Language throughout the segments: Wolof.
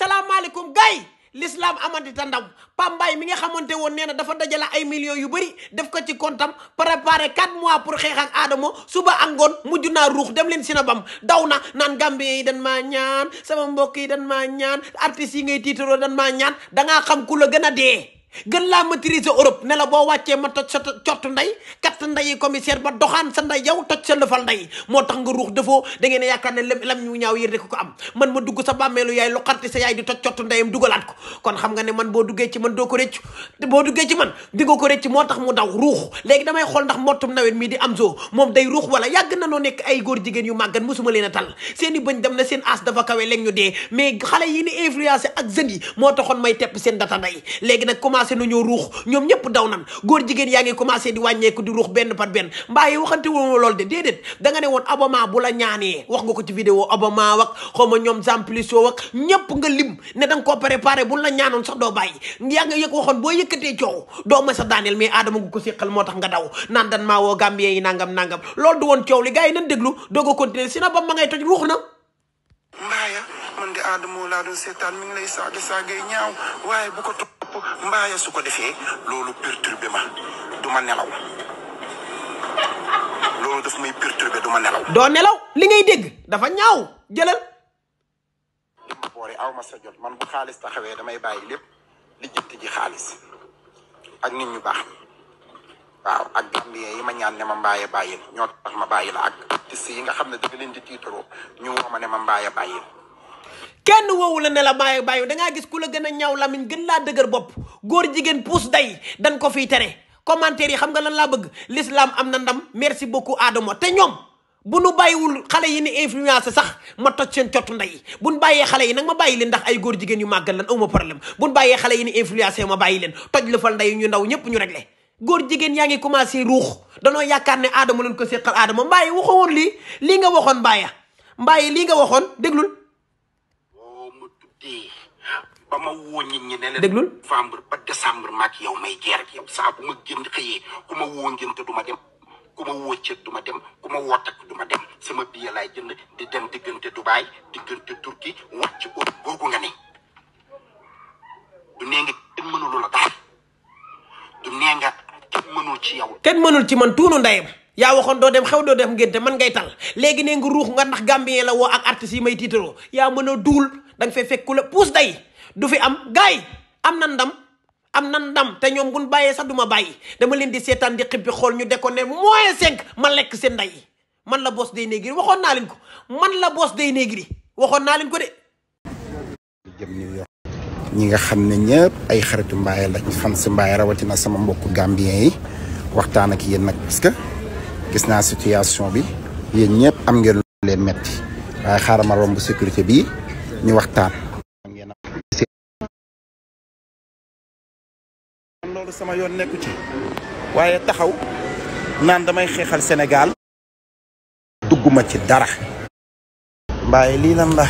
salaamaaleykum gars yi l'islam amandi ta ndam pambaay mi nga xamante woon nee na dafa dajale ay millions yu bëri def ko ci kontam préparé 4 mois pour xeex ak Adamo suba ak ngoon mujj naa ruux dem leen si na bam daw na naan Gambie yi dan ma ñaan sama mbokk yi dan ma ñaan artistes yi ngay tiitaroo dan maa ñaan dangaa xam ku la gën a dee gën laa maîtriser Europe ne la boo wàccee ma toj sa cott ndey katt ndeyi commissaire ba doxaan sa ndey yow toj sa lëfal ndey moo tax nga ruux dafoo da ngeen yaakaar ne lam ñu ñaaw yéen rek ko am man ma dugg sa bàmmeelu yaay lu xarti sa yaay di toj cott ndeyam dugalaat ko kon xam nga ne man boo duggee ci man doo ko rëccu boo duggee ci man di nga ko rëcc moo tax mu daw ruux léegi damay xool ndax mottum nawet mii di am zoo moom day ruux wala yàgg na noo nekk ay góor jigéen yu màggan mosuma leen a tal seen i bañ dem na seen as dafa kawe léeg ñu dee mais xale yi ni influencé ak jeunes yi moo taxoon may tepp seen data ndey léegi nag commencé nañoo ruux ñoom ñëpp daw nan góor jigéen yaa ngi commencé di wàññeeku di ruux benn par da ko ci vidéo abonnement wak xaw ma ñoom Zamplicio wak ñëpp sax doo bàyyi yaa nga yëg waxoon boo yëkkatee coow doo ma sa daaneel mais aadama nga ko séqal moo tax nga daw naan dan maa woo gambien yi nangam nangam loolu du woon coow li gars yi nan déglu doog a continuer si na ba ngay toj ruux na yëpp mbaaya su ko defee loolu perturbé ma du ma nelaw loolu def may perturbé du ma nelaw. doo nelaw li dégg dafa ñaaw jëlal. boore aw ma sa jot man bu xaalis taxawee damay bàyyi lépp lijjanti ji xaalis ak nit ñu baax waaw ak gambien yi ma ñaan ne ma mbaaye bàyyil ñoo tax ma bàyyi la ak artistes yi nga xam ne dafa leen di tiitaroo ñu woo ma ne ma mbaaye bàyyil kenn woowu la ne la bàyyi bàyyi dangaa gis ku la gën a ñaaw lamiñ gën laa dëgër bopp góor jigéen puus day dañ ko fii tere commentaire yi xam nga lan laa bëgg lislaam am na ndam merci beaucoup adama te ñoom bu nu bàyyiwul xale yi ni influence sax ma toj seen cottu ndey buñ bàyyee xale yi nag ma bàyyi leen ndax ay góor jigéen yu màggal lan awma problème buñ bàyyee xale yi ni influencé ma bàyyi leen toj lu fal ndey ñu ndaw ñëpp ñu réglé góor jigéen yaa ngi commencé ruux danoo yaakaar ne aadama leen ko séqal aadama mbaaye waxo woon lii lii nga waxoon mbaaya mbaaye lii nga waxoon déglul ba ma woo nit ñi ne leen. déglul novembre ba décembre maag yow may saa bu ma ma woo ngénte du ma dem ku ma dem ku woo takk du ma dem sama billet laay jënd di dem diggante Dubaay diggante Turquie nga ne. nga kenn mënul la daal du nee nga kenn ci yow. kenn mënul ci man tuunu ndeyam. yaa waxoon doo dem xew doo dem ngénte man ngay tal léegi nee nga ruux nga ndax Gambien la woo ak artistes yi may tiitaroo yaa mën a duul da nga fay fekk la puus day. du fi am gaay am na ndam am na ndam te ñoom buñ bàyyee sax duma bàyyi dama leen di seetaan di xibbi xool ñu dekkoon ne moins cinq ma lekk seen nday man la boos day Negri waxoon naa leen ko man la boss Dey Negri waxoon naa leen ko de jëm ñi nga xam ne ñëpp ay xaritu Mbaye lañ fan si Mbaye rawatina sama mbokku Gambien yi waxtaan ak yéen nag parce que gis naa situation bi yéen ñëpp am ngeen lu leen metti waaye xaaral ma romb sécurité bi ñu waxtaan loolu sama yoon nekku ci waaye taxaw naan damay xeexal Sénégal dugguma ci dara mbaay lii lan la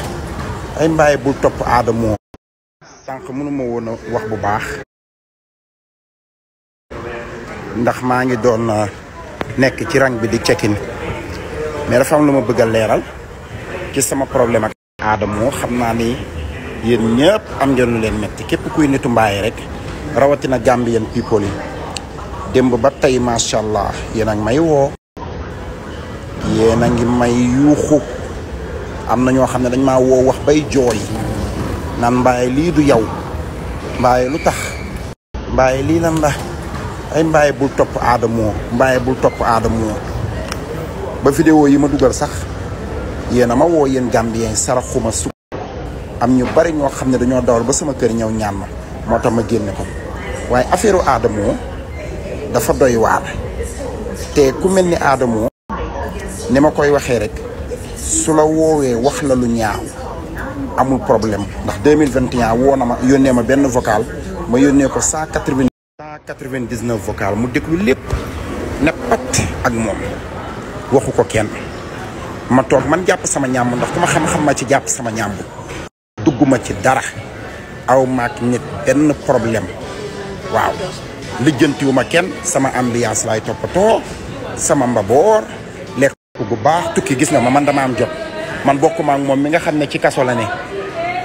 ay mbaay bul topp aadamoo sànq mënuma woon wax bu baax ndax maa ngi doon ah, nekk ci rang bi di cekin mais dafa am lu ma bëgg a leeral ci sama problème ak aadamoo xam naa ni yéen ñëpp am ngeen lu leen metti képp kuy nitu mbaaye rek rawatina Gambian people yi démb ba tey macha allah yéen a may woo. yéen a ngi may yuuxu am na ñoo xam ne dañ ma woo wax bay jooy naan mbaay lii du yow mbaay lu tax. mbaay lii lan la ay mbaay bul topp aadamoo mbaay bul topp aadamoo ba vidéo yi ma dugal sax yéen a ma woo yéen Gambien saraxuma su am ñu bari ñoo xam ne dañoo dawal ba sama kër ñëw ñaan ma moo tax ma génne ko. waaye affaire u dafa doy waar te ku mel ni Adamo ni ma koy waxee rek su la woowee wax la lu ñaaw amul problème ndax 2021 woo na yónnee ma benn vocal ma yónnee ko cent quatre-vingt cent quatre-vingt-dix-neuf mu déglu lépp ne ak moom waxu ko kenn ma toog man jàpp sama ñàmb ndax ku ma xam-xam ma ci jàpp sama ñàmb dugguma ci dara aw maak nit benn problème waaw lijjantiwuma kenn sama ambiance laay toppatoo sama mbaboor lekk bu baax tukki gis na ma man dama am jot man bokkumaak moom mi nga xam ne ci kaso la ne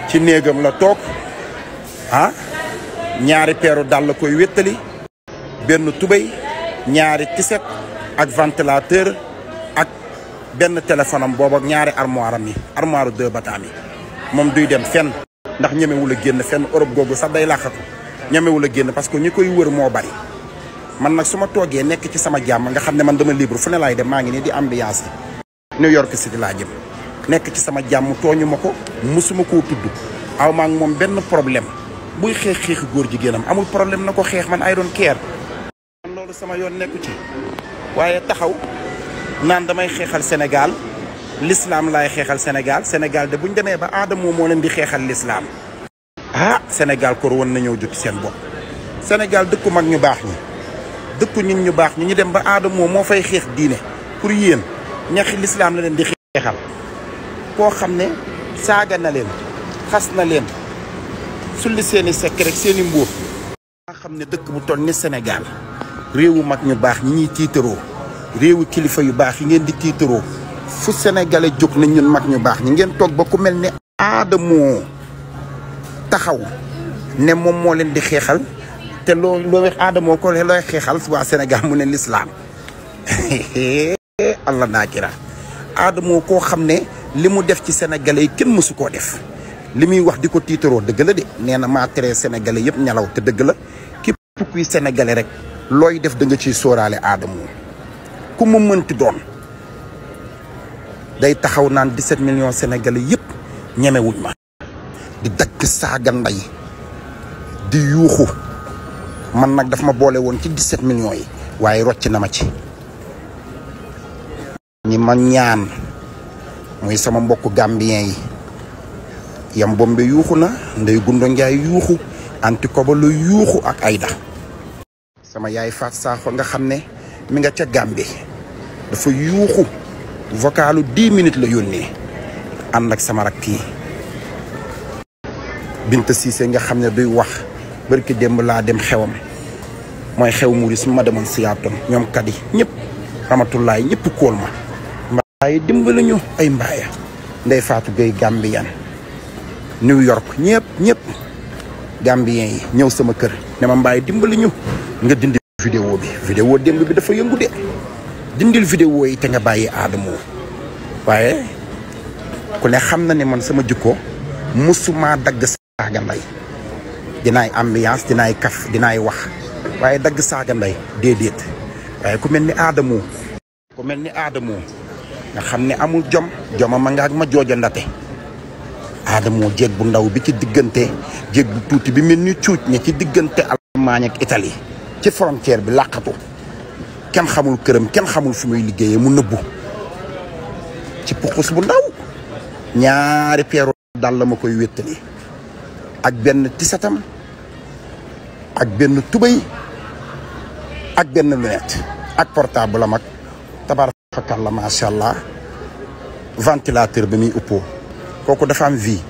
ci néegam la toog ah ñaari peeru dàll koy wéttali benn tubéy ñaari tiset ak ventilateur ak benn téléphone am boobu ak ñaari armoire am yi armoire deux bataan yi moom duy dem fenn ndax ñemewul a génn fenn Europe googu sax day làqatu ñamewul a génn parce que ñi koy wër moo bari man nag su ma toogee nekk ci sama jàmm nga xam ne man dama libre fu ne laay dem maa ngi nii di ambiance yi New York City laa jëm nekk ci sama jàmm tooñu ma ko musuma koo tudd aw maa moom benn problème muy xeex xeexi góor jigéenam amul problème na ko xeex man ay doon care loolu sama yoon nekku taxaw naan damay xeexal Sénégal l'islam laay xeexal Sénégal Sénégal de buñ demee ba aadama moo leen di xeexal l'islam ah senegal kor woon na ñëw jot seen bopp Sénégal dëkku mag ñu baax ñi dëkku nit ñu baax ñu ñu dem ba aadamoo moo fay xeex diine pour yéen ñaxi lislaam la leen di xeexal koo xam ne saaga na leen xas na leen sulli seen i sekk rek seen i mbóot xam ne dëkk bu toll ni Sénégal réewu mag ñu baax ñi ñuy tiitaroo réewu kilifa yu baax yi ngeen di tiitaroo fu sénégalais jóg nañ ñun mag ñu baax ñi ngeen toog ba ku mel ne aadamoo taxaw ne moom moo leen di xeexal te loo loo wax aadamoo ko looy xeexal waa senegal mu ne lislaam allah naakira aadamoo koo xam ne li mu def ci sénégalais yi kenn mësu koo def li muy wax di ko tiitaroo dëgg la de nee na maa tere sénégalais yëpp ñalaw te dëgg la képp kuy sénégalais rek looy def da nga ciy sóoraale aadamoo ku mu mënti doon day taxaw naan 17 million sénégalais yëpp ñemewuñ ma di dakk saaga nday di yuuxu man nag daf ma boole woon ci set millions yi waaye rocc na ma ci ñi ma ñaan muy sama mbokk gambien yi yam bombe yuuxu na ndey gundo njaay yuuxu anti kobalo yuuxu ak ayda sama yaay faat saaxo nga xam ne mi nga ca Gambie dafa yuuxu vokalu 10 minutes la yónnee ànd ak sama rakk yi Binta Cissé nga xam ne duy wax barki démb laa dem xewam mooy xew muris ma demoon siyaatoon ñoom kat yi ñëpp ramatulaay ñëpp kóol ma mbaay dimbali ñu ay mbaaya ndey faatu gay gambien New York ñëpp ñëpp gambien yi ñëw sama kër ne ma mbaay dimbali ñu nga dindi vidéo bi vidéo démb bi dafa yëngu de dindil vidéo yi te nga bàyyi aadamoo waaye ku ne xam na ne man sama jikko musuma dagg saaga nday dinaay ambiance dinaay kaf dinaay wax waaye dagg saaga nday déedéet waaye ku mel ni aadamoo ku mel ni aadamoo nga xam ne amul jom joma ma nga ak ma jooja ndate aadamoo jéeg bu ndaw bi ci diggante jéeg bu tuuti bi mel ni cuuc ne ci diggante Allemagne ak Italie ci frontière bi làqatu kenn xamul këram kenn xamul sumuy muy liggéeyee mu nëbbu ci pukus bu ndaw ñaari peeru dal la ma koy wéttali ak benn tisatam ak benn tubéy ak benn lunette ak portable am ak tabarakalla macha allah ventilateur bi muy uppoo kooku dafa am vie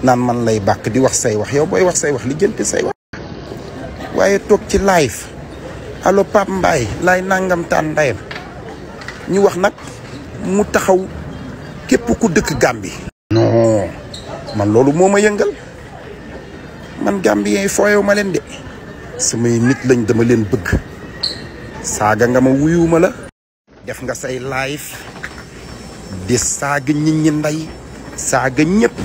naan man lay bàkk di wax say wax yow booy wax say wax li jënte say wax waaye toog ci live allo Pape Mbaye laay nangam ndayam ñu wax nag mu taxaw képp ku dëkk Gàmbi non man loolu moo ma yëngal man gambien yi fooyew ma leen de samay nit lañ dama leen bëgg saaga nga ma wuyuma la def nga say live di saaga nit ñi ndey saaga ñëpp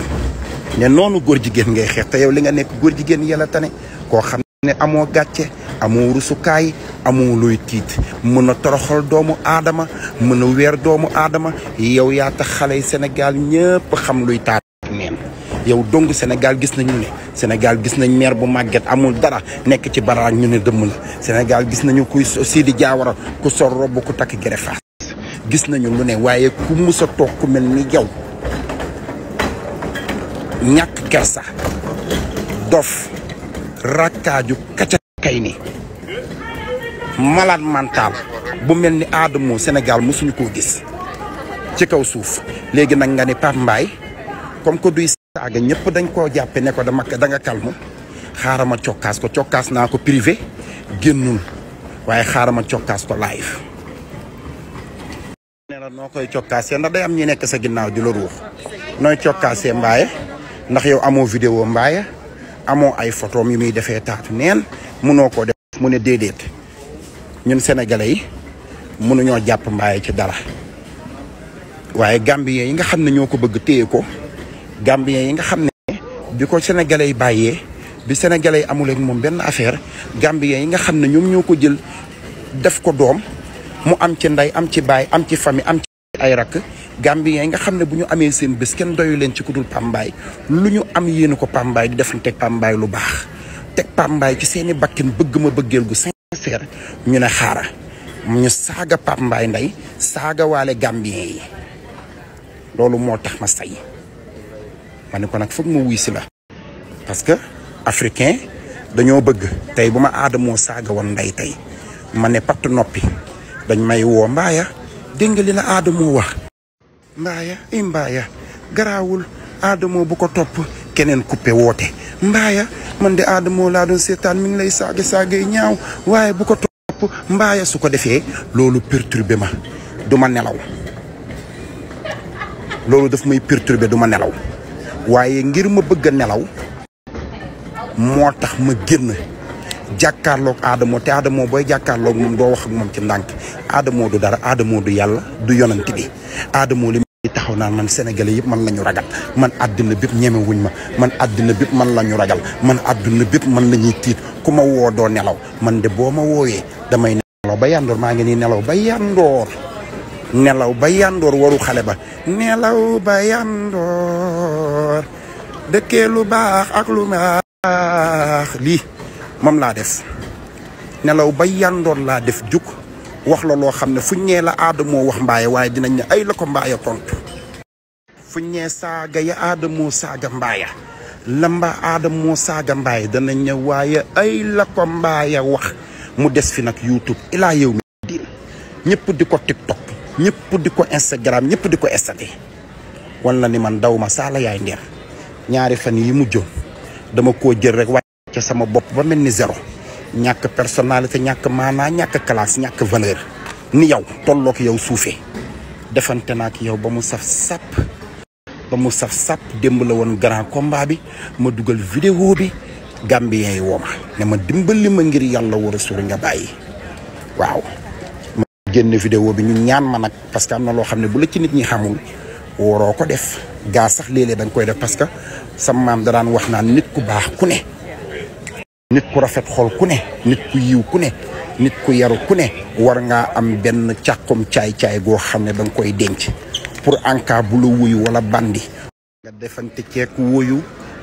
ne noonu góor jigéen ngay xeex te yow li nga nekk góor jigéen yàlla tane koo xam ne amoo gàcce amoo rusukaay amoo luy tiit mën a toroxal doomu aadama mën a weer doomu aadama yow yaa tax xale yi Sénégal ñëpp xam luy taat neen yow dong Sénégal gis nañu ne Sénégal gis nañ maire bu màgget amul dara nekk ci baraak ñu ne dëmm la Sénégal gis nañu kuy Sidi Diawara ku sol robb ku takk gerefaas gis nañu lu ne waaye ku mus toog ku mel ni yow ñàkk kersa dof rakkaaju kacca kay ni malade mental bu mel ni aadamoo Sénégal mësuñu koo gis ci kaw suuf léegi nag nga ne Pape Mbaye comme que duy saaga ñëpp dañ koo jàppe ne ko dama da nga calme ma cokkaas ko cokkaas naa ko privé génnul waaye xaaral ma cokkaas ko live ne la noo koy cokkaasee ndax day am ñi nekk sa ginnaaw di la ruux nooy cokkaasee mbaaye ndax yow amoo vidéo mbaaye amoo ay photoom yu muy defee taatu neen mënoo koo def mu ne déedéet ñun sénégalais yi mënuñoo jàpp mbaaye ci dara waaye gambien yi nga xam ne ñoo ko bëgg téye ko Gambien yi nga xam ne bi ko sénégalais yi bàyyee bi sénégalais yi amul ak moom benn affaire Gambien yi nga xam ne ñoom ñoo ko jël def ko doom mu am ci ndey am ci baay am ci famille am ci ay rakk Gambien yi nga xam ne bu ñu amee seen bés kenn doyu leen ci ku dul Pambaay lu ñu am yéene ko Pambaay di defanteeg Pambaay lu baax teg Pambaay ci seeni bakkin bëgg ma bëggeel gu sincère ñu ne xaara ñu saaga Pambaay ndey saaga waale Gambien yi loolu moo tax ma say ma ne kon nag foog ma wuy si la parce que africain dañoo bëgg tey bu ma aadamoo saaga woon ndey tey ma ne patt noppi dañ may woo mbaaya dégg nga li la aadamoo wax mbaaya i mbaaya garaawul aadamoo bu ko topp keneen coupé woote mbaaya man de aadamoo laa doon seetaan mi ngi lay saaga saaga ñaaw waaye bu ko topp mbaaya su ko defee loolu perturbé ma du ma nelaw loolu daf may perturbé du ma nelaw waaye ngir ma bëgg nelaw moo tax ma génn jàkkaarloog aadamoo te adamoo booy jàkkaarloog moom doo wax ak moom ci ndànk aadamoo du dara aadamoo du yàlla du yonent bi aadamoo li taxaw naan man sénégalais yëpp man la ñu ragal man àddina bépp ñeme ma man àddina bépp man la ñu ragal man àddina bépp man la ñuy tiit ku ma woo doo nelaw man de boo ma wooyee damay nelaw ba yandoor maa ngi nii nelaw ba yandoor nelaw ba yandoor waru xale ba nelaw ba yandoor dëkkee lu baax ak lu baax lii moom laa def nelaw ba yandoon laa def jug wax la loo xam ne fu ñee la aadamoo wax mbaay waaye dinañ ne ay la ko mbaaya tontu fu ñee saaga ya lamba aadamoo saaga mbaaya danañ ne waaye ay la ko wax mu des fi nag youtube ilaa yow mi ñëpp di ko tiktok ñëpp di ko instagram ñëpp di ko statut wala ni man daw ma saala yaay ndeer ñaari fan yi mujj dama ko jël rek wàcce sama bopp ba mel ni zéro ñàkk personnalité ñàkk maanaa ñàkk classe ñàkk valeur ni yow tollook yow suufee defante naa ak yow ba mu saf sàpp ba mu saf sàpp démb la woon grand combat bi ma dugal vidéo bi gambien yi woo ma ne ma dimbali ma ngir yàlla war a sori nga bàyyi waaw ma génn vidéo bi ñu ñaan ma nag parce que am na loo xam ne bu la ci nit ñi xamul waroo ko def gaa sax léeg-léeg dañ koy def parce que sa maam da daan wax naan nit ku baax ku ne. nit ku rafet xol ku ne nit ku yiw ku ne nit ku yaru ku ne war ngaa am benn càqum caay-caay goo xam ne danga koy denc pour en cas bu la wuyu wala bandi. nga defante ceeg wuyu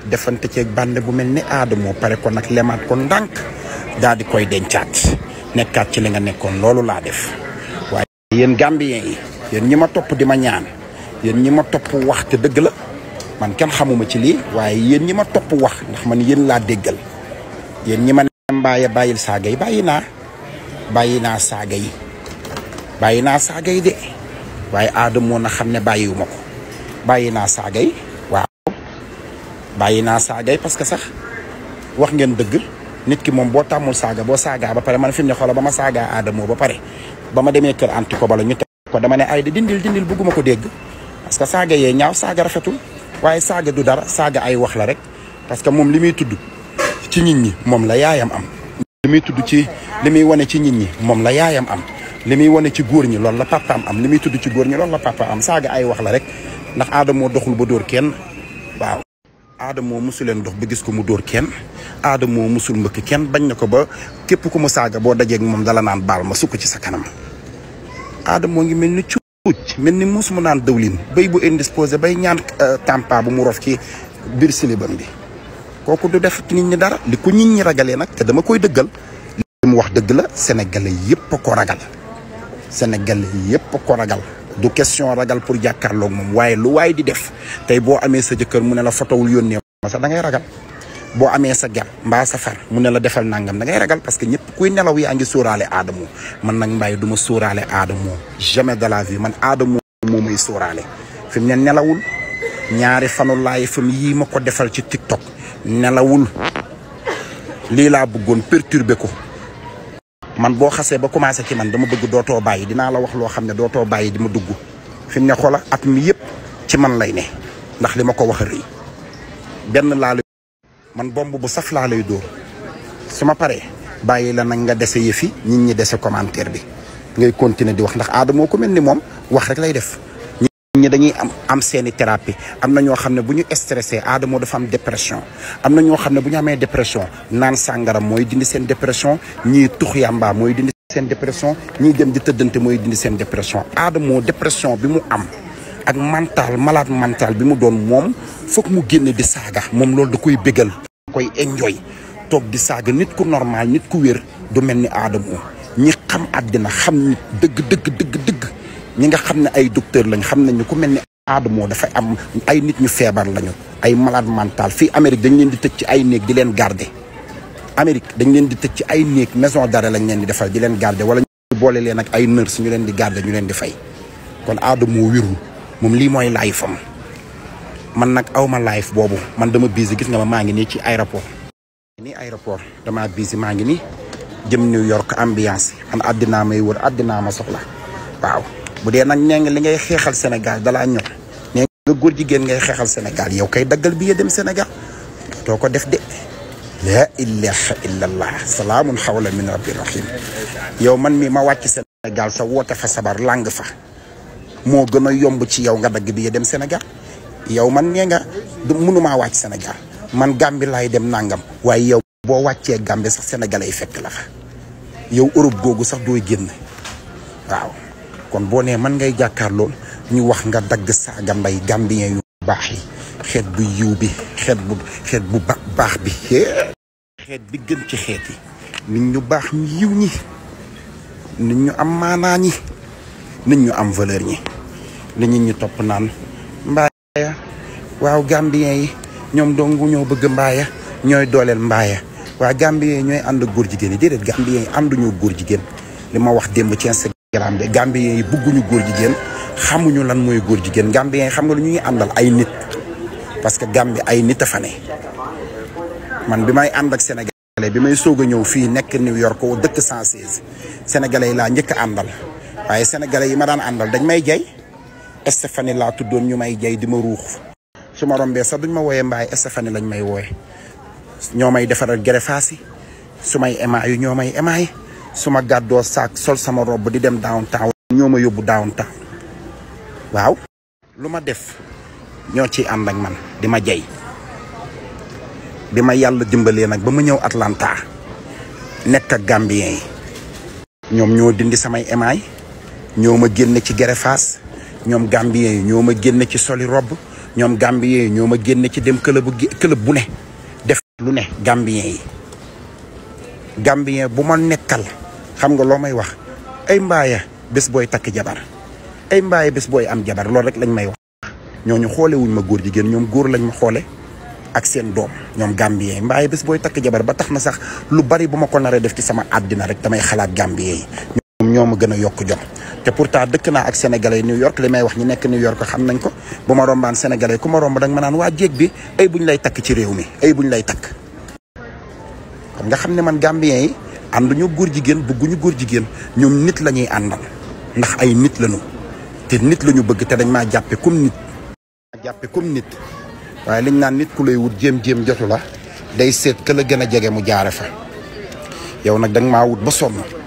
defante ceeg band bu mel ni aadamoo pare kon nag lemaat kon ndànk daal di koy dencaat nekkaat ci li nga nekkoon loolu laa def waaye yéen Gambien yi yéen ñi ma topp di ma ñaan. yéen ñi ma topp wax te dëgg la man kenn xamuma ci lii waaye yéen ñi ma topp wax ndax man yéen laa déggal yéen ñi ma ne mbaaya bàyyil saaga yi bàyyi naa bàyyi naa saaga yi bàyyi naa saaga yi de waaye aadam moo na xam ne bàyyiwuma ko bàyyi naa saaga yi waaw bàyyi naa saaga yi parce que sax wax ngeen dëgg nit ki moom boo tàmmul saaga boo saagaa ba pare man fi mu ne xoola ba ma saagaa aadamoo ba pare ba ma demee kër anti ko bala ñu teg ko dama ne ay di dindil dindil bëgguma ko dégg parce que saaga yee ñaaw saaga rafetul waaye saaga du dara saaga ay wax la rek parce que moom li muy tudd ci nit ñi moom la yaayam am. li muy tudd ci li muy wane ci nit ñi moom la yaayam am li muy wane ci góor ñi loolu la papaam am li muy tudd ci góor ñi loolu la papa am saaga ay wax la rek ndax aadamoo doxul ba dóor kenn waaw. aadamoo musu leen dox ba gis ko mu dóor kenn aadamoo musul mbëkk kenn bañ na ko ba képp ku mu saaga boo dajeeg moom dala naan baal ma sukk ci sa kanam aadamoo ngi mel ni mel ni muus mu naan dëwlin béy bu indisposé bay ñaan euh, tampa bu mu rof ci biir silibam bi kooku du def nit ñi dara li ko nit ñi ragalee nag te dama koy dëggal li mu wax dëgg la sénégalais yépp ko ragal sénégalais yépp ko ragal du question ragal pour jàkkaarloog moom waaye lu waay di def tey boo amee sa jëkkër mu ne la fotowul yónnee ma sax da ngay ragal boo amee sa gem mbaa sa far mu ne la defal nangam da ragal parce que ñëpp kuy nelaw yaa ngi sóoraale aadamoo man nag mbay duma ma sóoraale aadamoo jamais de la vie man aadamoo moo muy sooraale fi mu ne nelawul ñaari fanu laay fam yii ma ko defal ci TikTok nelawul lii laa bëggoon perturber ko man boo xasee ba commencé ci man dama bëgg dootoo bàyyi dinaa la wax loo xam ne dootoo bàyyi di ma dugg fi mu ne xoola at mi yëpp ci man lay ne ndax li ma ko wax rëy man bomb bu saf laa lay dóor su ma paree bàyyi la nag nga dese yëfi nit ñi dese commentaire bi ngay continuer di wax ndax aadamoo moo ko mel ni moom wax rek lay def. ñi dañuy am am seeni thérapie am na ñoo xam ne bu ñu stressé aadamoo dafa am dépression am na ñoo xam ne bu ñu amee dépression naan sàngara mooy dindi seen dépression ñiy tux yàmba mooy dindi seen dépression ñiy dem di tëddante mooy dindi seen dépression aadamoo dépression bi mu am. ak mental malaat mental bi mu doon moom foog mu génne di saaga moom loolu da koy bégal koy enjoy toog di saaga nit ku normal nit ku wér du mel ni aadama ñi xam àddina xam nit dëgg dëgg dëgg ñi nga xam ne ay docteur lañ xam nañ ku mel ni aadamoo dafa am ay nit ñu feebar lañu ay malaat mental fii Amérique dañ leen di tëj ci ay néeg di leen garder Amérique dañ leen di tëj ci ay néeg maison dara lañ leen di defal di leen garder wala ñu boole leen ak ay nurse ñu leen di garder ñu leen di fay moom lii mooy life am man nag awma life boobu man dama busy gis nga ma maa ngi nii ci aéroport nii aéroport dama busy maa ngi nii jëm New York ambiance man àddinaa may wër àddinaa ma soxla waaw bu dee nag nee li ngay xeexal Sénégal dalaa ñor nee nga jigéen ngay xeexal Sénégal yow kay daggal bi ya dem Sénégal too ko def de la ilaha illallah salaamun xawla min rabbi rahim yow man mi ma wàcc Sénégal sa woote fa sabar làng fa moo gën a yomb ci yow nga dagg bi dem Sénégal yow man nee nga du mënumaa wàcc Sénégal man gàmbi laay dem nangam waaye yow boo wàccee Gambie sax Sénégal ay fekk la yow Europe googu sax dooy génn waaw kon boo nee man ngay jàkkaarlool ñu wax nga dagg saaga mbay Gambien yu baax yi xeet bu yiw bi xeet bu xeet bu baax bi xeet bi gën ci xeet yi nit ñu baax ñu yiw ñi nit ñu am maanaa ñi nit ñu am valeur ñi li nit ñi topp naan mbaaya waaw gambien yi ñoom dongu ñoo bëgg mbaaya ñooy dooleel mbaaya waa gambien yi ñooy ànd ak góor jigéen yi déedéet gambien yi ànduñoo góor jigéen li ma wax démb ci Instagram de gambien yi bëgguñu góor jigéen xamuñu lan mooy góor jigéen gambien yi xam nga lu ñuy àndal ay nit parce que Gambie ay nit a fa ne man bi may ànd ak sénégalais bi may soog a ñëw fii nekk New York dëkk 116 sénégalais yi laa njëkk a àndal waaye sénégalais yi ma daan àndal dañ may jay Stéphanie laa tuddoon ñu may jay di ma ruux su ma rombee sax duñ ma wooyee mbaay Stéphanie lañ may wooye ñoo may defaral gerefaas yi su may émaay yu ñoo may émaay su ma gàddoo saak sol sama robb di dem downtown ñoo ma yóbbu downtown waaw lu ma def ñoo ci ànd ak man di ma jay bi ma yàlla dimbalee nag ba ma ñëw Atlanta nekk ak Gambien yi ñoom ñoo dindi samay émaay ñoo ma génne ci gerefaas ñoom gambien yi ñoo ma génne ci soli robb ñoom gambien yi ñoo ma ci dem club bu ne def lu ne gambien yi gambien bu ma nekkal xam nga loo may wax ay mbaaya bés booy takk jabar ay mbaaya bés booy am jabar lool rek lañ may wax ñooñu xoole wuñ ma góor jigéen ñoom góor lañ ma xoole ak seen doom ñoom gambien yi mbaaye bés booy takk jabar ba tax na sax lu bari bu ma ko naree def ci sama àddina rek damay xalaat gambien yi ñoom ñoo ma gën a yokk jot te pourtant dëkk naa ak sénégalais New York li may wax ñi nekk New York xam nañ ko bu ma rombaan sénégalais ku ma romb da ma naan waa jéeg bi ay bu lay takk ci réew mi ay bu lay takk. kon nga xam ne man Gambien yi ànduñu góor jigéen bëgguñu góor jigéen ñoom nit la ñuy àndal ndax ay nit lañu te nit la ñu bëgg te dañ maa jàppe comme nit. maa nit waaye liñ naan nit ku lay wut jéem jéem jotu la day seet ka la gën a jege mu jaare fa yow nag da nga maa wut ba sonn.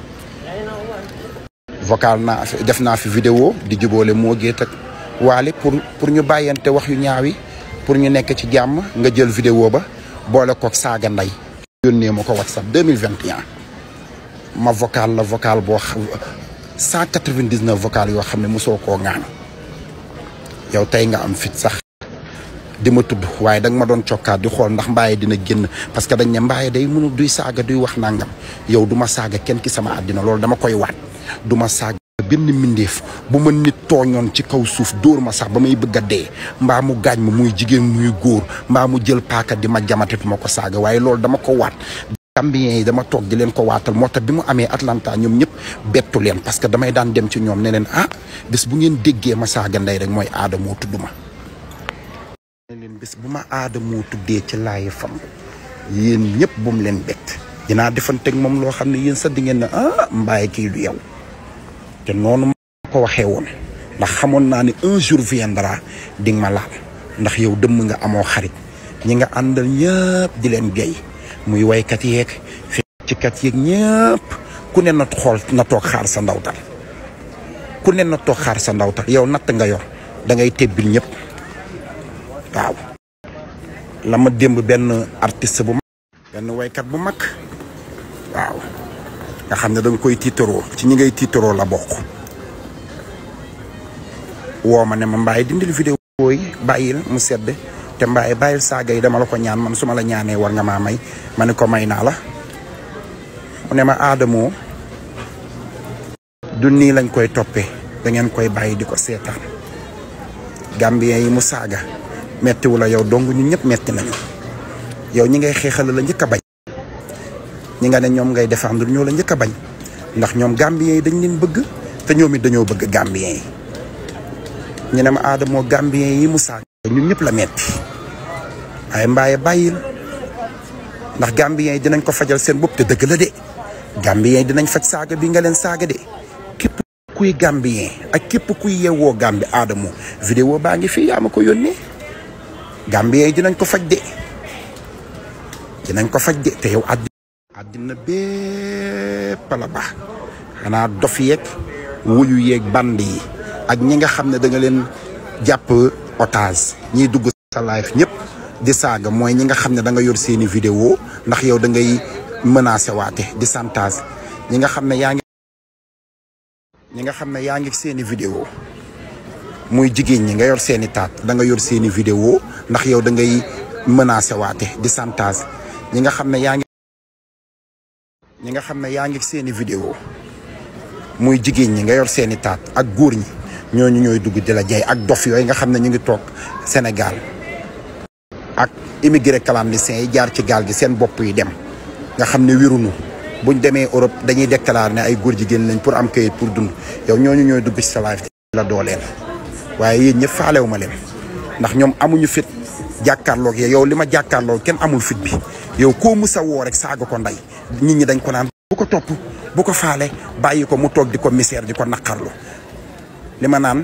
vocal naa def naa fi vidéo di jubóole moo géet ak waali pour pour ñu bàyyante wax yu ñaaw yi pour ñu nekk ci jàmm nga jël vidéo ba boole kook saaga nday yónnee ma ko whatsapp 2021 ma vocal la vocal boo xam 199 vocal yoo xam ne mosoo koo ŋaan yow tey nga am fit sax di ma tudd waaye danga ma doon cokkaat di xool ndax mbaaye dina génn parce que dañ ne mbaaye day mënu duy saaga duy wax nangam yow du ma saaga kenn ki sama àddina loolu dama koy waat duma ma saag benn mbindeef bu ma nit tooñoon ci kaw suuf dóor ma sax ba may bëgg a dee mbaa mu gaañ ma muy jigéen muy góor mbaa mu jël paaka di ma jamate du ma ko saaga waaye loolu dama ko waat Gambien yi dama toog di leen ko waatal moo tax bi mu amee Atlanta ñoom ñëpp bettu leen parce que damay daan dem ci ñoom ne leen ah bés bu ngeen déggee ma saaga ndey rek mooy aada moo tudd ma ne leen bés bu ma aada moo tuddee ci laayi fam yéen ñëpp bu leen bett dinaa defanteeg moom loo xam ne yéen sax di ngeen ne ah mbaay kii du yow te noonu ma ko waxee woon ndax xamoon naa ne un jour viendra dara nga ma laal ndax yow dëmm nga amoo xarit ñi nga àndal ñëpp di leen gay muy woykat yeeg ci kat yeeg ku ne na xool na toog xaar sa ndawtal ku ne na toog xaar sa ndawtal yow natt nga yor dangay ngay tebbil ñépp waaw la démb benn artiste bu mag benn waykat bu mag waaw nga xam ne danga koy tiitaroo ci ñi ngay tiitaroo la boq woo ma ne ma mbaay dindil vidéo yi bàyyil mu sedd te mbaay bàyyil saaga yi dama la ko ñaan man suma la ñaanee war nga maa may ma ne ko may naa la mu ne ma aadamoo du nii lañ koy toppee dangeen koy bàyyi di ko seetaan gambien yi mu saaga mettiwu la yow dong ñun ñëpp metti nañu yow ñi ngay xeexal la la njëkk a bañ ñi nga ne ñoom ngay défendre ñoo la njëkk a bañ ndax ñoom gambien yi dañ leen bëgg te ñoom it dañoo bëgg gambien yi ñu ne aadamoo gambien yi mu saaga ñun ñëpp la metti waaye mbaaye bàyyil ndax gambien yi dinañ ko fajal seen bopp te dëgg la de gambien yi dinañ faj saaga bi nga leen saaga de kuy gambien ak képp kuy yeewoo gambi aadamoo vidéo baa ngi fii yaa ko yónnee gambien yi dinañ ko faj de dinañ ko faj de te yow at àddina bépp la ba xanaa dof yeeg wuyu yeeg band yi ak ñi nga xam ne danga leen jàpp otage ñiy dugg sa live ñëpp di saaga mooy ñi nga xam ne da nga yor seeni vidéo ndax yow dangay ngay waate di santage ñi nga xam ne yaa ngi ñi nga xam ne yaa ngi seeni vidéo muy jigéen ñi nga yor seeni taat da nga yor seeni vidéo ndax yow dangay ngay menacer waate di santage ñi nga xam ne yaa ngi ñi nga xam ne yaa ngi seen i vidéo muy jigéen ñi nga yor seen i taat ak góor ñi ñooñu ñooy dugg di la jaay ak dof yooyu nga xam ne ñu ngi toog senegal ak immigré clandestin yi jaar ci gaal gi seen bopp yi dem nga xam ne wirunu buñ demee Europe dañuy déclarer ne ay góor jigéen lañ pour am kayit pour dund yow ñooñu ñooy dugg ci sa live la dooleel waaye yéen ñëpp faalewu ma leen ndax ñoom amuñu fit jàkkaarloog yow li ma jàkkaarloog kenn amul fit bi yow koo musa woo rek saaga ko ndey nit ñi dañ ko naan bu ko topp bu ko faale bàyyi ko mu toog di ko misère di ko naqarlu li ma naan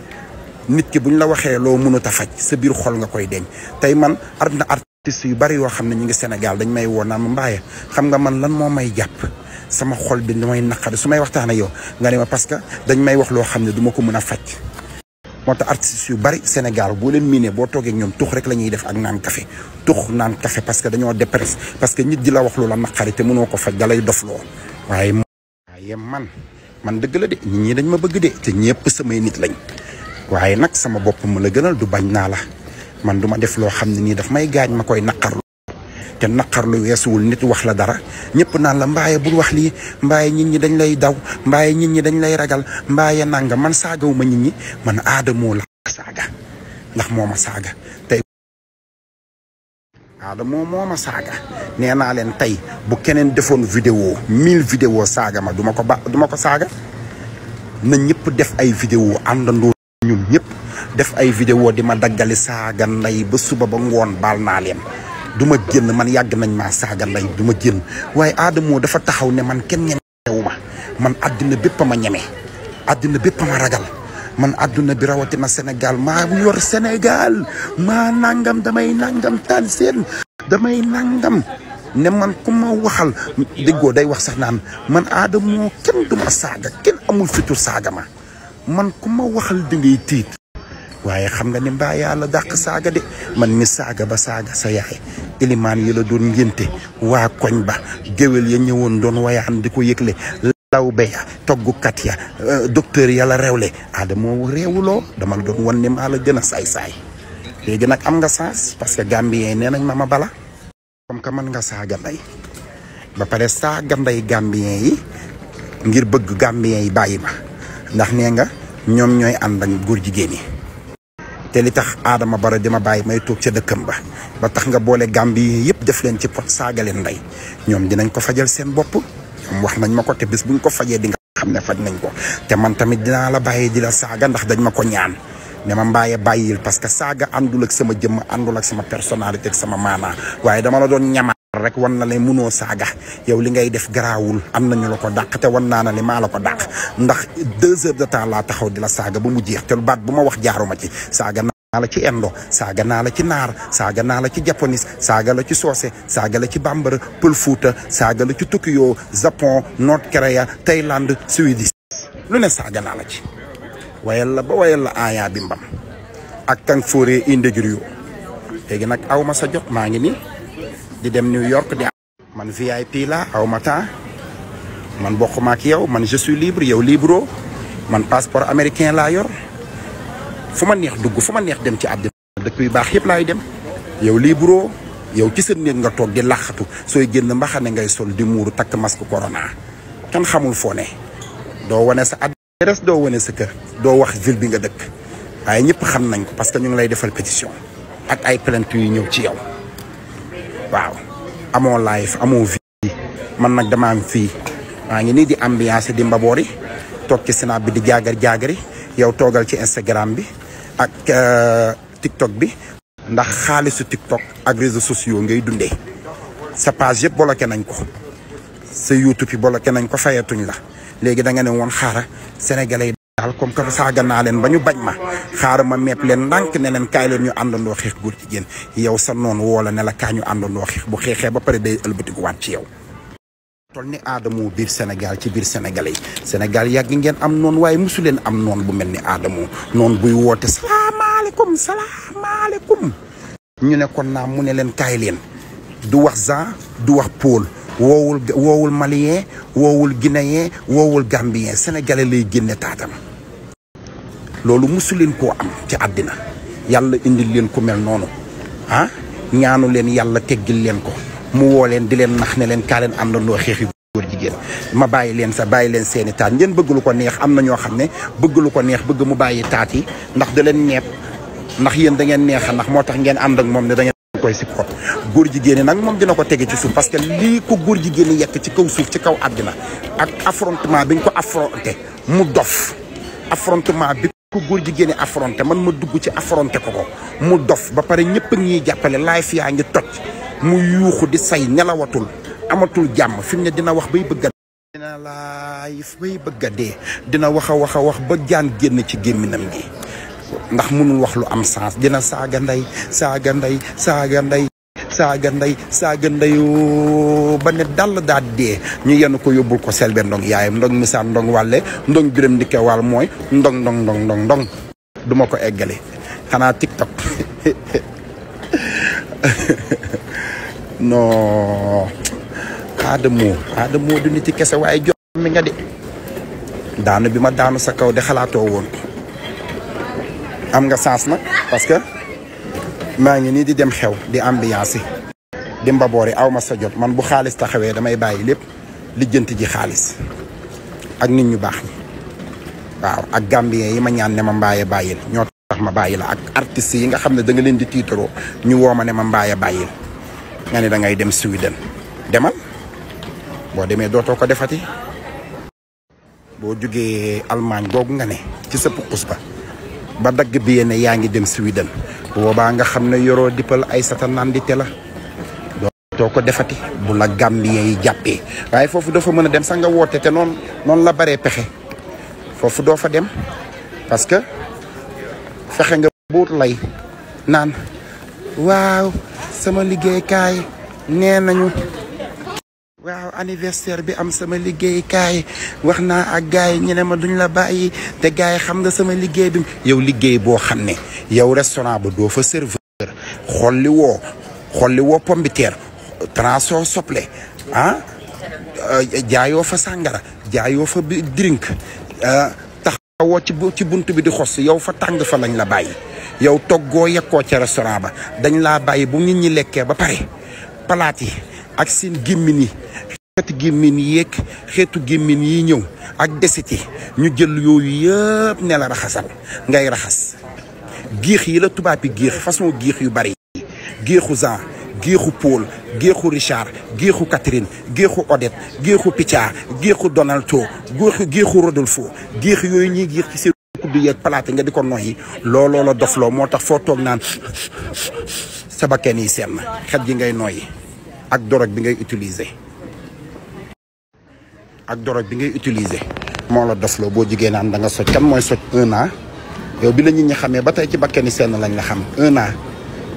nit ki buñ la waxee loo mënut a faj sa biir xol nga koy deñ tey man ar na artistes yu bari yoo xam ne ñu ngi Sénégal dañ may woo naan ma mbaaye xam nga man lan moo may jàpp sama xol bi may naqari su may waxtaan ak yow nga ne ma parce que dañ may wax loo xam ne duma ko mën a faj moo tax artistes yu bari Sénégal boo leen miinee boo toogee ñoom tux rek la ñuy def ak naan café tux naan café parce que dañoo dépresse parce que nit di la wax lu la naqari ko faj dalay dof loo waaye waaye man man dëgg la de nit dañ ma bëgg de te ñëpp samay nit lañ waaye nag sama bopp mu la gënal du bañ naa la man du def loo xam ne nii daf may gaañ ma koy naqar te naqar lu weesuwul nit wax la dara ñépp naan la mbaaye bul wax lii mbaaye nit ñi dañ lay daw mbaaye nit ñi dañ lay ragal mbaaye nanga man saagaw ma nit ñi man aadamoo la saaga ndax moo ma saaga tey aadamoo moo ma saaga nee naa leen tey bu keneen defoon vidéo mille vidéo saaga ma duma ko ba duma ko saaga na ñépp def ay vidéo àndandoo ñun ñëpp def ay vidéo di ma daggali saaga nday ba suba ba ngoon baal naa leen du ma génn man yàgg nañ maa saaga lay duma ma waaye Adamo dafa taxaw ne man kenn ñemewu ma man àddina bépp a ma ñeme àddina bépp ma ragal man àdduna bi rawatina Sénégal maa yor Sénégal maa nangam damay nangam taal seen damay nangam ne man ku ma waxal déggoo day wax sax naan man Adamo kenn du saaga kenn amul fitu saaga ma man ku waxal da ngay tiit waaye xam nga ni mbaa yàlla dàq saaga de man mi saaga ba saaga sa yaay ilimaan yi la doon ngénte waa koñ ba géwél ya ñëwoon doon wayaan di ko yëgle lawbe ya toggukat ya euh, docteur ya la rewle adamoo réewuloo dama la doon wan ne maa la gën a saay-saay léegi nag am nga sens parce que gambien nee nañ ma ma bala comme que mën nga saaga nday ba pare saaga nday gambien yi ngir bëgg gambien yi bàyyi ma ndax nee nga ñoom ñooy ànd ak góor jigéen yi te li tax aadama Barrow di ma bàyyi may toog ca dëkkam ba ba tax nga boole Gambie yëpp def leen ci pot saaga leen ndey ñoom dinañ ko fajal seen bopp ñoom wax nañ ma ko te bis buñ ko fajee di nga xam ne faj nañ ko te man tamit dinaa la bàyyi di la saaga ndax dañ ma ko ñaan ne ma mbaaye bàyyil parce que saaga àndul ak sama jëm àndul ak sama personnalité ak sama maanaa waaye dama la doon ñama rek wan na le munoo saaga yow li ngay def garaawul am nañu la ko dàq te wan naa na le maa la ko dàq ndax deux heures de temps laa taxaw di la saaga ba mu jeex te lu baat bu ma wax jaaruma ci saaga naa la ci endo saaga naa la ci naar saaga naa la ci japonis saaga la ci soose saaga la ci bambara pël fuuta saaga la ci Tokyo Japon North Korea Thaïlande Suède lu ne saaga naa la ci wayal la ba wayal la aayaa bi mbam ak tang fóoree inde jur yoo nag awma sa jot maa ngi nii di dem New York di man VIP la aw ma temps man bokk ma ak yow man je libre yow libro man passeport américain laa yor fu ma neex dugg fu ma neex dem ci àddina dëkk yu baax yëpp laay dem yow libro yow ci seen néeg nga toog di laxatu sooy génn mbaxane ngay sol di muuru takk masque korona kan xamul foo ne doo wane sa adresse doo wane sa kër doo wax ville bi nga dëkk waaye ñëpp xam nañ ko parce que ñu ngi lay defal pétition ak ay plainte yu ñëw ci yow waaw amoo live amoo vie man nag dama fii maa ngi nii di ambiance di mbaboori toog ci snap bi di jaagar jaagari yow toogal ci Instagram bi ak euh, TikTok bi ndax xaalisu TikTok ak réseaux sociaux ngay dundee sa page yëpp bloqué nañ ko sa YouTube yi bloqué nañ ko fayatuñ la léegi da nga ne woon xaara sénégalais daal comme que saaga naa ba ñu bañ ma xaaral ma mepp leen ndànk ne leen kaay ñu àndandoo xeex góor jigéen yow sa noonu woo ne la ñu àndandoo xeex bu xeexee ba pare day ëlbatikuwaat ci yow. tol ni aadamoo biir Sénégal ci biir sénégalais yi Sénégal yàgg ngeen am noon waaye mosu leen am noon bu mel ni aadamoo noonu buy woote salaamaaleykum salaamaaleykum. ñu ne kon naa mu ne leen kaay leen du wax Jean du wax Paul. woowul woowul malien woowul guinéen woowul gambien sénégalais lay génne taatam loolu mosu leen koo am ci àddina yàlla indil leen ku mel noonu ah ñaanu leen yàlla teggil leen ko mu woo leen di leen nax ne leen kaa leen àndandoo xeexi góor jigéen ma bàyyi leen sa bàyyi leen seeni taat ngeen bëgg lu ko neex am na ñoo xam ne bëgg lu ko neex bëgg mu bàyyi taat yi ndax da leen neeb ndax yéen da ngeen neexa ndax moo tax ngeen ànd ak moom ne da ngeen koy sippot góor jigéen yi nag moom dina ko tege ci suuf parce que lii ko góor jigéen yi yekk ci kaw suuf ci kaw àddina ak affrontement bi ñu ko affronté mu dof affrontement bi ko góor jigéeni affronté man ma dugg ci affronté ko ko mu dof ba pare ñëpp a jàppale laay fi yaa ngi toj mu yuuxu di say nelawatul amatul jàmm fi mu ne dina wax bay bëgg a dina laayif bay bëgg dee dina wax a wax a wax ba jaan génn ci gémminam gi ndax mënul wax lu am sens dina saaga ndey saaga ndey saaga ndey saaga nday saaga ndayu ba ne dal daa dee ñu yenn ko yóbbul ko selbe ndong yaayam ndong misaan ndong wàlle ndong biram ndikke wàll mooy ndong ndong ndong du ma ko eggale xanaa tiktok non aada aadamoo du nit kese waaye jox mi nga de daanu bi ma daanu sa kaw de xalaatoo woon am nga sens nag parce maa ngi nii di dem xew di ambiance di mbaboori aw ma sa jot man bu xaalis taxawee damay bàyyi lépp lijjanti ji xaalis ak nit ñu baax ñi waaw ak gambien yi ma ñaan ne ma mbaaye bàyyil ñoo tax ma bàyyi la ak artistes yi nga xam ne danga leen di tiitaroo ñu woo ma ne ma mbaaye bàyyil nga ne dangay dem Sweden demal boo demee dootoo ko defati boo jógee almaañ googu nga ne ci sa pukus ba ba dagg bi yéen yaa ngi dem Sweden boobaa nga xam ne yoroo dippal ay satanaan di te la doo ko defati bu la Gambien yi jàppee waaye foofu doo fa mën a dem sax nga woote te noon noonu la bare pexe foofu doo fa dem parce que fexe nga buut lay naan waaw sama liggéeykaay nee nañu waaw anniversaire bi am sama liggéeykaay wax naa ak gars yi ñu ne ma duñ la bàyyi te gars yi xam nga sama liggéey bi yow liggéey boo xam ne yow restaurant ba doo fa serveur xolli woo xolli woo pombiteer transport sople ah euh, jaayoo fa sàngara jaayoo fa bi drink euh, taxawoo ci ci bunt bi di xos yow fa tàng fa lañ la bàyyi yow toggoo yekkoo ca restaurant ba dañ laa bàyyi bu nit ñi lekkee ba pare palaat yi ak seen gémmin yi xeetu gémmin yi yeeg xeetu gémmin yi ñëw ak desit ñu jël yooyu yëpp ne la raxasal ngay raxas géex yi la tubaab yi géex façon géex yu bari yi géexu Jean géexu Paul géexu Richard géexu Catherine géexu Odette géexu picca géexu Donaldo géexu géexu Rodolfo géex yooyu ñuy géex ci seen kudd yeeg palaate nga di ko noyyi looloo la dofloo moo tax foo toog naan sa yi seen xet gi ngay noyyi ak dorog bi ngay utiliser ak dorog bi ngay utiliser moo la dofloo boo jigéen naan da nga soj kan mooy soj un yow bi la nit ñi xamee ba tey ci bakkani seen lañ la xam un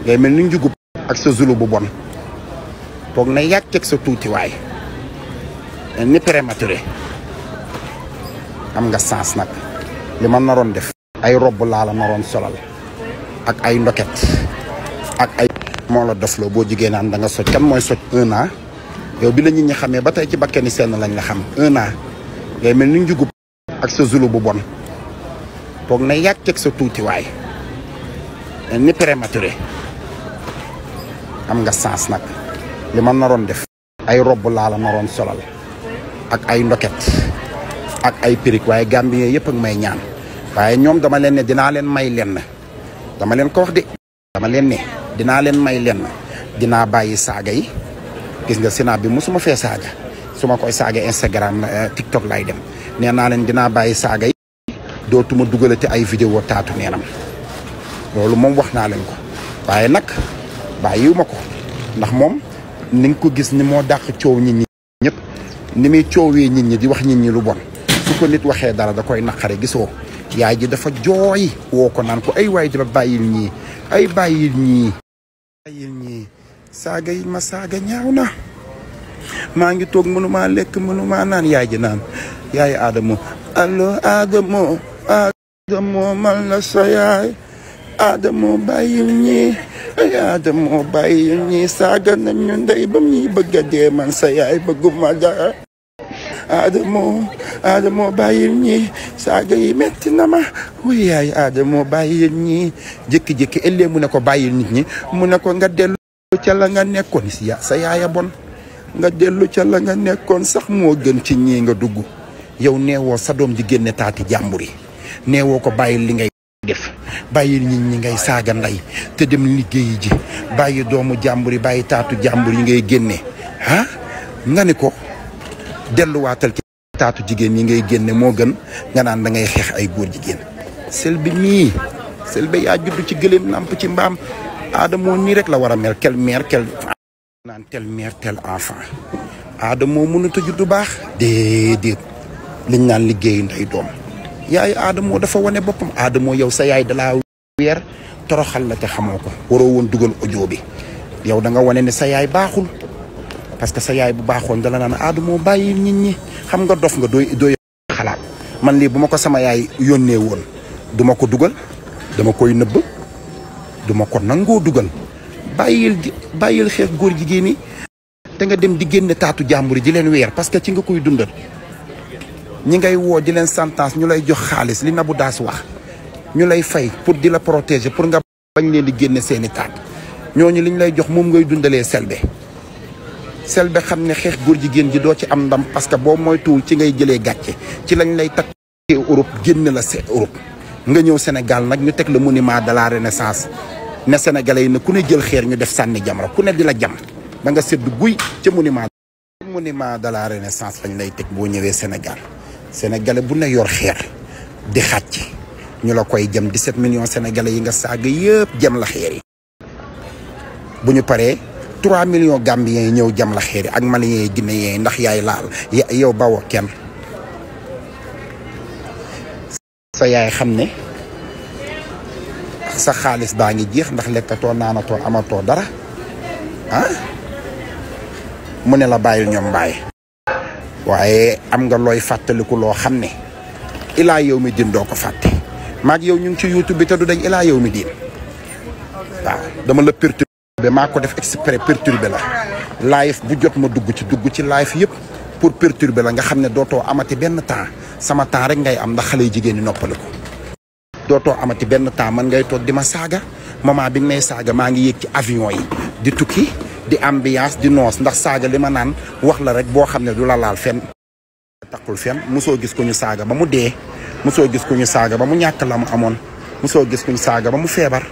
ngay mel ni njugub ak sa zulu bu bon toog na yàcceeg sa tuutiwaay ni prématuré am nga sens nag li ma naroon def ay robb laa la naroon solal ak ay ndoket ak ay moo la loo boo jigéen naan da nga soj kan mooy soj un yow bi la nit ñi xamee ba tey ci bakkeni seen lañ la xam un ngay mel ni njugub ak sa zulu bu bon toog na yàgg teg sa tuutiwaay ni prématuré am nga sens nag li ma naroon def ay robb laa la naroon solal ak ay ndoket ak ay pirig waaye gambien yëpp ak may ñaan waaye ñoom dama leen ne dinaa leen may lenn dama leen ko wax de dama leen ne dinaa leen may leen dinaa bàyyi saaga yi gis nga Sina bi suma fee saaga su ma koy saaga Instagram eh, TikTok lay dem nee naa leen dinaa bàyyi saaga yi dootuma dugalate ay vidéo taatu neenam loolu moom wax naa leen ko waaye nag bàyyiwuma ko ndax moom ni nga ko gis ni moo dàq coow nit ñi ni muy coowee nit ñi di wax nit ñi lu bon su ko nit waxee dara da koy naqare gisoo yaay ji dafa jooy woo ko naan ko ay waay dama bàyyil ñii ay bàyyil ñii yéen ñii saaga yi ma saaga ñaaw na maa ngi toog mënuma lekk mënuma naan yaay ji naan yaay Adamo allo Adamo Adamo man la sa yaay Adamo bàyyil ñii Adamo bàyyil ñii saaga nañ ñu ba mu ñuy bëgg a man sa yaay bëgguma dara Adamo Adamo bàyyil ñi saaga yi metti na ma wuy yaay bàyyil ñi jékki-jékki ëllëg mu ne ko bàyyil nit ñi mu ne ko nga dellu ca la nga nekkoon si sa yaaya nga dellu ca la nga nekkoon sax moo gën ci ñii nga dugg yow neewoo sa doom ji génne taati jàmbur yi neewoo ko bàyyil li ngay def bàyyil nit ñi ngay saaga ndey te dem liggéeyi ji bàyyi doomu jàmbur yi bàyyi taatu jàmbur yi ngay génne ah nga ne ko delluwaatal ci taatu jigéen yi ngay génne moo gën nga naan dangay xeex ay góor jigéen Selby mii Selby yaa judd ci gëléem nàmp ci mbaam Adamo nii rek la war a mel quelle mère quelle naan telle mère tel enfant Adamo mënut a baax déedéet liñ naan liggéeyu ndey doom yaayu Adamo dafa wane boppam aadamoo yow sa yaay dalaa weer toroxal la te xamoo ko waroo woon dugal audio bi yow da nga wane ne sa yaay baaxul parce que sa yaay bu baaxoon dala naan aaduma bàyyi nit ñi xam nga dof nga doy doy xalaat man lii bu ma ko sama yaay yónnee woon du ma ko dugal dama koy nëbb duma ma ko nangoo dugal bàyyil xeex góor jigéen ñi te nga dem di génn taatu jàmbur ji leen weer parce que ci nga koy dundal ñi ngay woo di leen sentence ñu lay jox xaalis li Nabou Daas wax ñu lay fey pour di la protéger pour nga bañ leen di génne seeni taat ñooñu liñ lay jox moom ngay dundalee selbe Selbé xam ne xeex góor jigéen ji doo ci am ndam parce que boo moytuwul ci ngay jëlee gàcce ci lañ lay takk Europe génn la se Europe nga ñëw senegal nag ñu teg le monument de la renaissance ne Sénégalais yi ne ku ne jël xeer ñu def sànni jamra ku ne di la jam da nga sedd guy ca moniment monument de la renaissance lañ lay teg boo ñëwee Sénégal Sénégalais bu ne yor xeer di xàcc ñu la koy jëm set millions Sénégalais yi nga saaga yëpp jëm la xeer yi bu ñu paree 3 millions gambiens yi ñëw jam la xeer yi ak maliens yi guinéens yi ndax yaay laal yow bawoo kenn sa yaay xam ne sa xaalis baa ngi jeex ndax lekkatoo naanatoo amatoo dara ah mu ne la bàyyi ñoom mbaay waaye am nga looy fàttaliku loo xam ne ilaa yow mi din doo ko fàtte maag yow ñu ngi ci youtube bi te du dañ ilaa yow mi diin waaw dama la mais maa ko def exprès perturbé la live bu jot ma dugg ci dugg ci live yëpp pour perturber la nga xam ne dootoo amati benn temps sama temps rek ngay am ndax xale yu jigéen ñi noppali ko dootoo amati benn temps man ngay toog di ma saaga moment bi may saaga maa ngi yéeg ci avion yi di tukki di ambiance di noos ndax saaga li ma naan wax la rek boo xam ne du la laal fenn takkul fenn musoo gis ko ñu saaga ba mu dee mosoo gis kuñu ñu saaga ba mu ñàkk la mu amoon mosoo gis ko ñu ba mu feebar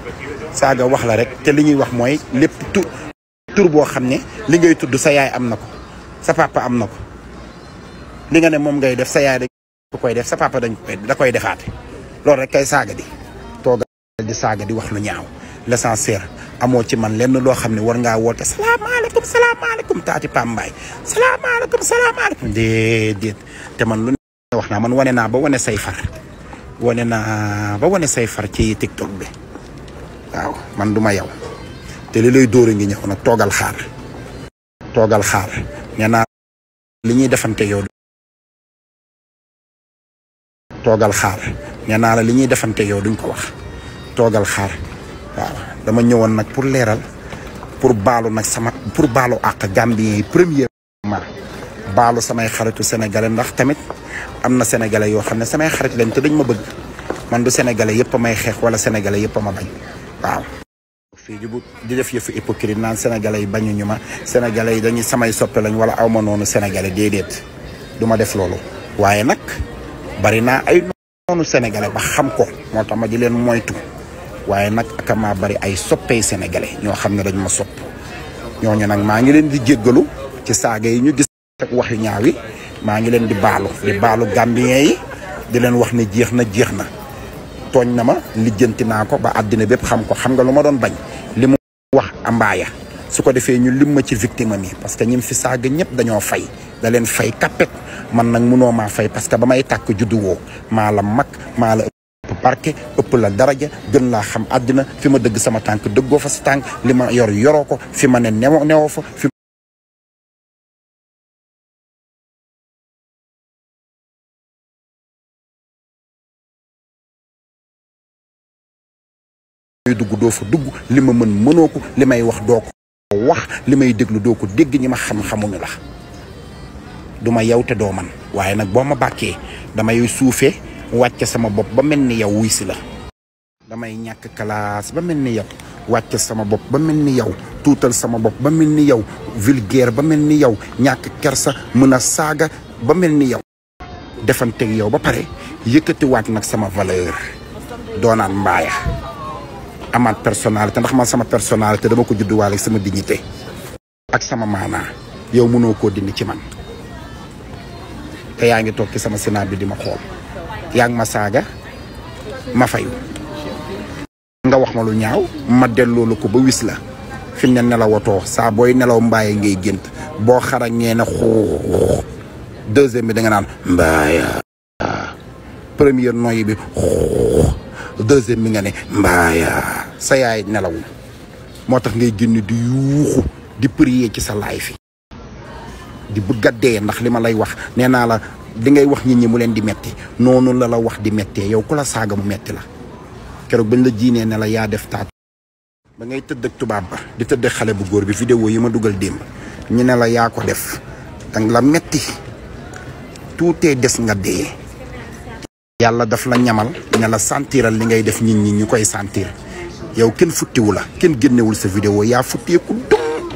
saaga wax la rek te li ñuy wax mooy lépp tu tur boo xam ne li ngay tudd sa yaay am na ko sa papa am na ko li nga ne moom ngay def sa yaay dañ koy def sa papa dañ koy da koy defaate loolu rek kay saaga di tooga di saaga di wax lu ñaaw l'essentiel amoo ci man lenn loo xam ne war ngaa woote salaamaaleykum salaamaaleykum taati pambaay salaamaaleykum salaamaaleykum déedéet te man lu ne wax naa man wane naa ba wane say far wane naa ba wane say far ci TikTok bi waaw man du ma yow te li lay dóor a ngi ñëw nag toogal xaar toogal xaar nee ñuy defante yow toogal xaar nee li ñuy defante yow duñ ko toogal xaar waaw dama ñëwoon nag pour leeral pour baalu nag sama pour baalu àq Gambien yi premièrement baalu samay xaritu sénégalais ndax tamit am na sénégalais yoo xam ne samay xarit lañ te dañ ma bëgg man du sénégalais yëpp a may xeex wala sénégalais yëpp a ma bañ waaw. fii di di def yëfu hypocrite naan sénégalais yi bañuñu ma sénégalais yi dañuy samay soppe lañ wala aw ma noonu sénégalais déedéet duma def loolu waaye nag bari naa ay noonu sénégalais ba xam ko moo tax ma di leen moytu waaye nag aka maa bari ay soppey sénégalais ñoo xam ne dañ ma sopp ñooñu nag maa ngi leen di jéggalu ci saaga yi ñu gis ak wax yu ñaaw yi maa ngi leen di baalu di baalu gambien yi di leen wax ne jeex na jeex na. tooñ na ma lijjanti naa ko ba àddina bépp xam ko xam nga lu ma doon bañ li mu wax ambaaya su ko defee ñu lim ma ci victime mi parce que ñim fi saaga ñëpp dañoo fay da leen fay kappet man nag munoo maa fay parce que ba may tàkk juddu woo maa la mag maa la ëpp parke ëpp la daraja gën laa xam àddina fi ma dëgg sama tànk dëggoo fa sa tànk li ma yor yoroo ko fi ma ne newoo fa fi fay dugg doo fa dugg li ma mën mënoo ko li may wax doo ko wax li may déglu doo ko dégg ñi ma xam-xamuñu la du ma yow te doo man waaye nag boo ma bàkkee damay suufe wàcce sama bopp ba mel ni yow wuy si la damay ñàkk classe ba mel ni yow wàcce sama bopp ba mel ni yow tuutal sama bopp ba mel ni yow vulgaire ba mel ni yow ñàkk kersa mën a saaga ba mel ni yow defanteeg yow ba pare yëkkatiwaat nag sama valeur doonaan mbaaya amaat personnalité ndax man sama te dama ko judduwaale sama dignité ak sama maanaa yow mënoo koo dindi ci man te yaa ngi toog ci sama sénat bi di ma xool yaa ngi ma saaga ma fayu nga wax ma lu ñaaw ma delloo la ko ba wis la fi ne nelaw nelawatoo saa booy nelaw mbaaye ngay gént boo xarañee ne xuux deuxième bi da nga naan mbaaya deuxième bi nga ne mbaaya sa yaay nelawul moo tax ngay génn di yuuxu di prier ci sa laay fi di bëgg a dee ndax li ma lay wax nee naa la li ngay wax nit ñi mu leen di metti noonu la la wax di mettee yow ku la saaga mu metti la keroog bañ la jiinee ne la yaa def taat ba ngay tëdd ak tubaab ba di tëdd ak xale bu góor bi vidéo yi ma dugal démb ñu ne la yaa ko def danga la metti tuutee des nga dee yàlla daf la ñamal ne la sentiral li ngay def nit ñi ñu koy sentir yow kenn futtiwu la kenn génnewul sa vidéo yaa futteeku dum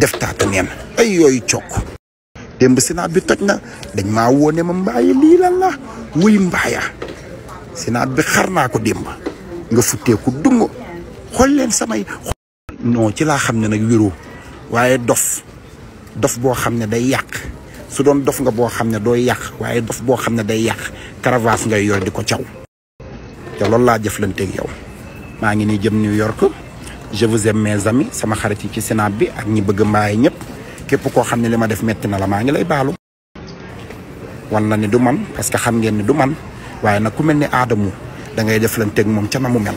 def taata neen ay yooyu cokk démb Sénat bi toj na dañ maa woone ma mbaaye lii lan wuy mbaaya Sénat bi xar naa ko démb nga futteeku dung xool leen samay non ci laa xam ne nag wéru waaye dof dof boo xam ne day yàq su doon dof nga boo xam ne doo yàq waaye dof boo xam ne day yàq caravage ngay yor di ko caw te loolu laa lanteeg yow maa ngi ni jëm New York je vous aime mes sama xarit yi ci Sénat bi ak ñi bëgg mbaay ñëpp képp koo xam ne li ma def metti na la maa ngi lay baalu wan na ni du man parce que xam ngeen ne du man waaye nag ku mel ni Adamo da ngay jëflanteeg moom ca na mu mel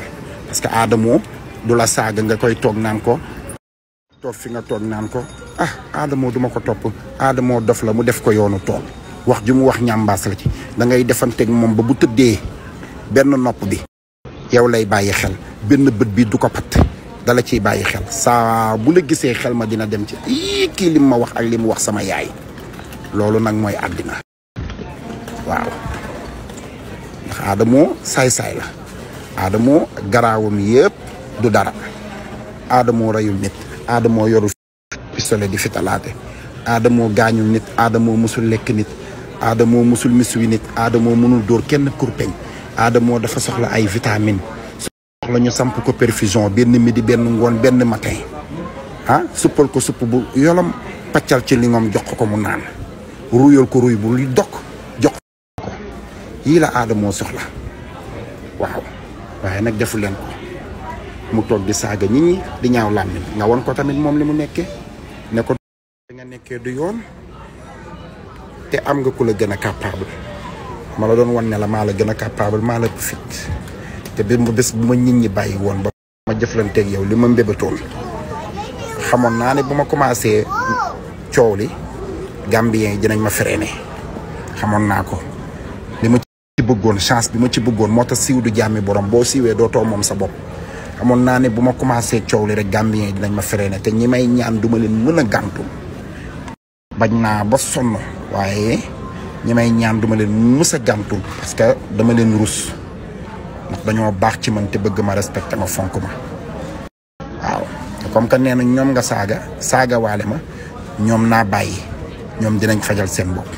parce que Adamo du la saaga nga koy toog naan ko toog fi nga toog naan ko ah aadamoo duma ko topp aadamoo dof la mu def ko yoonu tool wax ju mu wax ñàmbaas la ci dangay ngay defanteeg moom ba bu tëddee benn nopp bi yow lay bàyyi xel benn bët bi du ko pat dala ciy bàyyi xel saa bu la gisee xel ma dina dem ci ii kii lim ma wax ak li mu wax sama yaay loolu nag mooy àddina waaw ndax aadamoo saay-saay la aadamoo garaawam yëpp du dara aadamoo reyul nit aadamoo yorul pistolet di talaate aadamoo gaañul nit aadamoo mësul lekk nit aadamoo musul miswi nit aadamoo mënul dóor kenn kurpeñ aadamoo dafa soxla ay vitamine soxla ñu samp ko perfusion benn midi benn ngoon benn matin ah suppal ko supp bu yolam paccal ci li moom jox ko mu naan ruyal ko ruy bu luy dokk jox ko yii la aadamoo soxla waaw waaye nag defu leen mu toog di saaga nit ñi di ñaaw làmmiñ nga won ko tamit moom li mu nekkee ne ko nga nekkee du yoon te am nga ku la gën a capable ma la doon wan ne la maa la gën a capable maa la fit te bi mu bés bu ma nit ñi bàyyi woon ba ma jëflanteeg yow li ma mbébatoon xamoon naa ne bu ma commencé coow li Gambien yi dinañ ma freiné xamoon naa ko li ma ci bëggoon chance bi ma ci bëggoon moo tax siiw du jàmmi borom boo siiwee doo too moom sa bopp xamoon naa ne bu ma commencé coow li rek Gambien dinañ ma freiné te ñi may ñaan duma leen mën a gàntu bañ naa ba sonn waaye ñi may ñaan duma leen mës a gàntu parce que dama leen rus ndax dañoo baax ci man te bëgg ma respecté ma fonk ma waaw comme que nee na ñoom nga saaga saaga waale ma ñoom naa bàyyi ñoom dinañ fajal seen bopp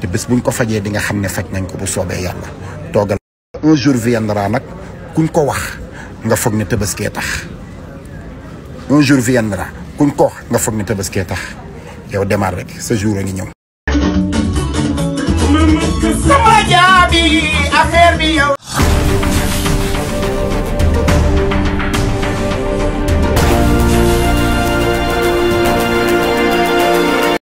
te bés buñ ko fajee di nga xam ne faj nañ ko bu soobee yàlla toogal un jour viendra nag kuñ ko wax nga foog ne tabaskee tax un jour viendra kuñ ko nga foog ne tabaskee tax yow démarre rek sa jour a ngi ñëw. sama jaabi affaire bi yow.